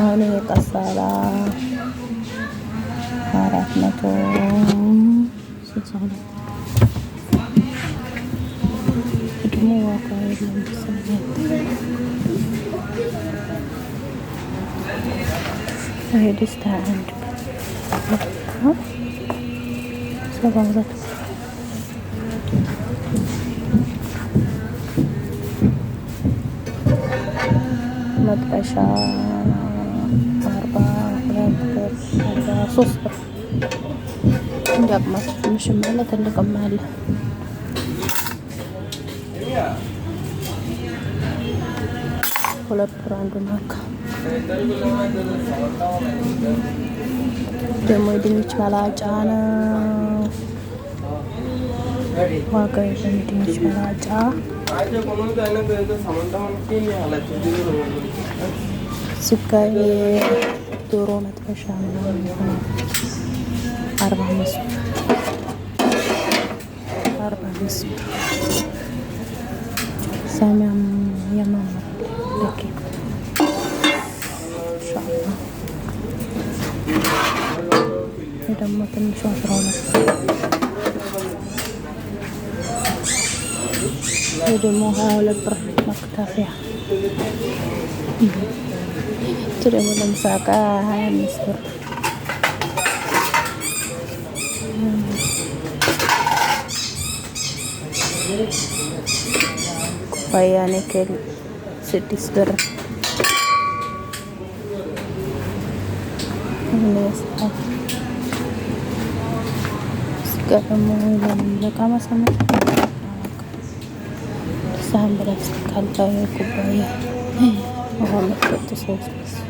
አሁን የቀሰራ አራት መቶ ደግሞ ዋጋ የለም ደስታ አንድ ሰባ ሁለት መጥበሻ ሶስት ብር እንዲያቅማችሁ ትንሽም አለ ትልቅም አለ። ሁለት ብር አንዱ ማካ ደግሞ የድንች መላጫ ነው። ዋጋ የድንች መላጫ ስጋ ዶሮ መጥበሻ ምናምን የሆነ አርባ አምስት ብር አርባ አምስት ብር ሰሚያም ያማምራል። ለኬ ኢንሻአላ ደግሞ ትንሿ አስራ ሁለት ይህ ደግሞ ሀያ ሁለት ብር መክተፊያ Sudah mensahkan Mister. Hmm. Kupayane ke sedisber. Mister. Sekarang mau bilang kama sama sambil sekali kayu kubaya. Oh, itu sukses.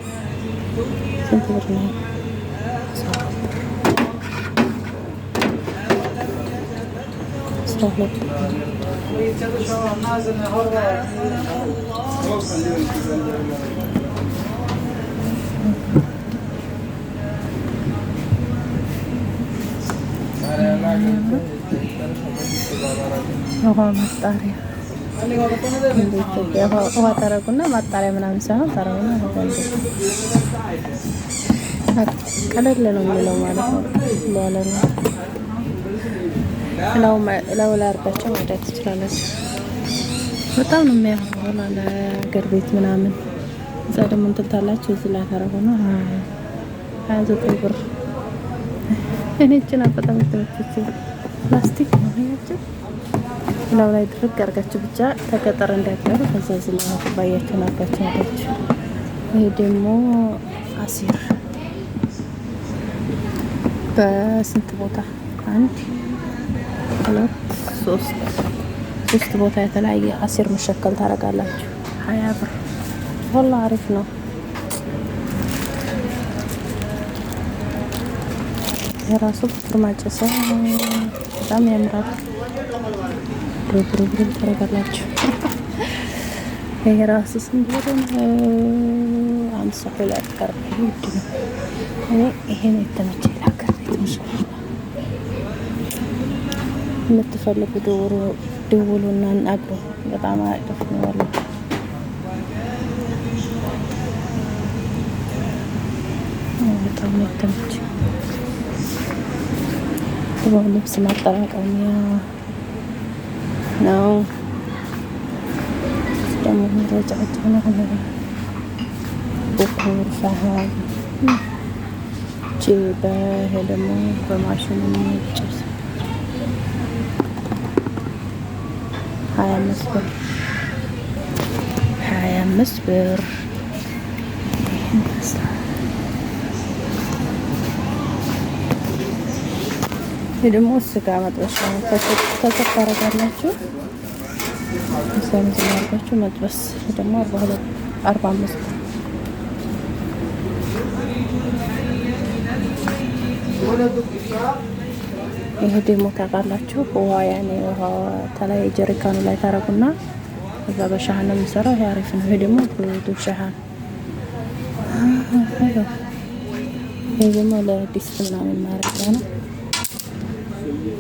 Sen telefonu. Sağ Lo vamos a estar ውሃ ጠረጉና ማጣሪያ ምናምን ሳይሆን ጠረጉና ቀለል ነው የሚለው ማለት ነው። ለለ ነው ለው አድርጋቸው ማዳት ትችላላችሁ። በጣም ነው የሚያምረው ለሀገር ቤት ምናምን። እዛ ደግሞ እንትን እዚህ ላይ ታረጉ ነው ሀያ ዘጠኝ ብር። እኔ እችን በጣም የተመቸችኝ ፕላስቲክ ነው ያችን ላው ላይ ድርቅ አድርጋችሁ ብቻ ተቀጠር እንዳትቀሩ። ከዛ እዚህ ላይ ኩባያችሁን አባችሁ አባችሁ። ይሄ ደግሞ አሲር በስንት ቦታ አንድ ሁለት ሶስት ሶስት ቦታ የተለያየ አሲር መሸከል ታደርጋላችሁ። ሀያ ብር ወላ አሪፍ ነው። የራሱ ፍርማጭ ሰው በጣም ያምራል። ብሩብሩብሩብ ታረጋላችሁ። ይሄ ራሱ ስንት ነው? አምሳ ቀርብ ውድ ነው። እኔ ይሄ የተመቸኝ። ላገር ቤት የምትፈልጉ ደውሉና አናግሩ። በጣም አሪፍ ነው ያለው በጣም የተመቸኝ። ልብስ ማጠራቀሚያ ነው። ደግሞ በማሽኑ ጭስ ሀያ አምስት ብር ሀያ አምስት ብር ይህ ደግሞ ስጋ መጥበሻ ነው። ተሰፋ መጥበስ ደግሞ አርባ ሁለት ይሄ ደግሞ ታውቃላችሁ ውሃ ያኔ ውሃ ተላይ ጀሪካኑ ላይ ታረጉና እዛ በሻህን ነው የሚሰራው። ይሄ አሪፍ ነው። ይሄ ደግሞ ይሄ ደግሞ ምናምን ነው።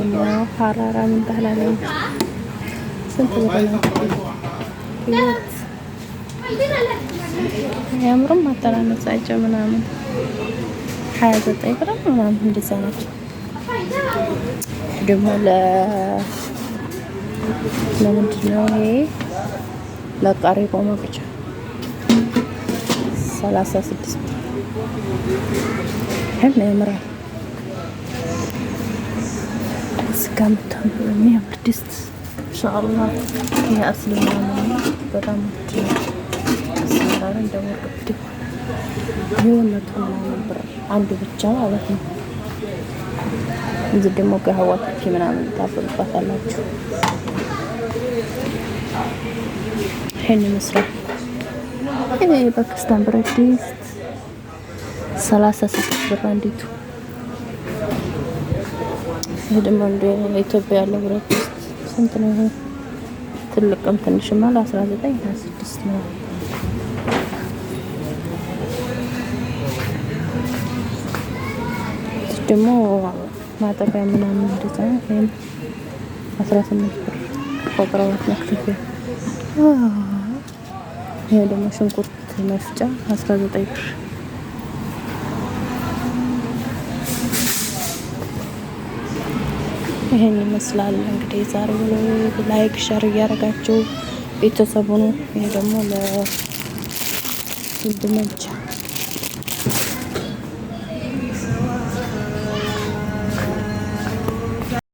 ይባላል። ሀራራ ምን ባህላለኝ ስንት ይወት አያምሩም? አጠራነጻቸው ምናምን ሀያ ዘጠኝ ብር ምናምን እንደዛ ናቸው። ደግሞ ለምንድን ነው ይሄ ለቃሪ ቆመ ብቻ ሰላሳ ስድስት ህል ያምራል። ስጋ ምታም የሚያምር ድስት እንሻአላ ይህ ነው። በጣም ውድ አሰራር ነበር አንዱ ብቻ ማለት ነው። እዚህ ደግሞ ገህዋ ምናምን ታበሉባት አላችሁ። ይህን ይመስላል። ይህ ብረት ድስት ሰላሳ ስድስት ብር አንዲቱ። ይህ ደግሞ ኢትዮጵያ ያለው ብረት ድስት ስንት ነው? ይሄ ትልቅም ትንሽም አለ አስራ ዘጠኝ ሀያ ስድስት ነው። ደግሞ ማጠቢያ ምናምን እንደዛ ወይም አስራ ስምንት ብር ቆጥረዋት መክተፊያ። ይሄ ደግሞ ሽንኩርት መፍጫ አስራ ዘጠኝ ብር ይህን ይመስላል እንግዲህ ዛሬ ብሎ ላይክ ሸር እያደረጋችሁ ቤተሰቡን ይህ ደግሞ ለወንድሞች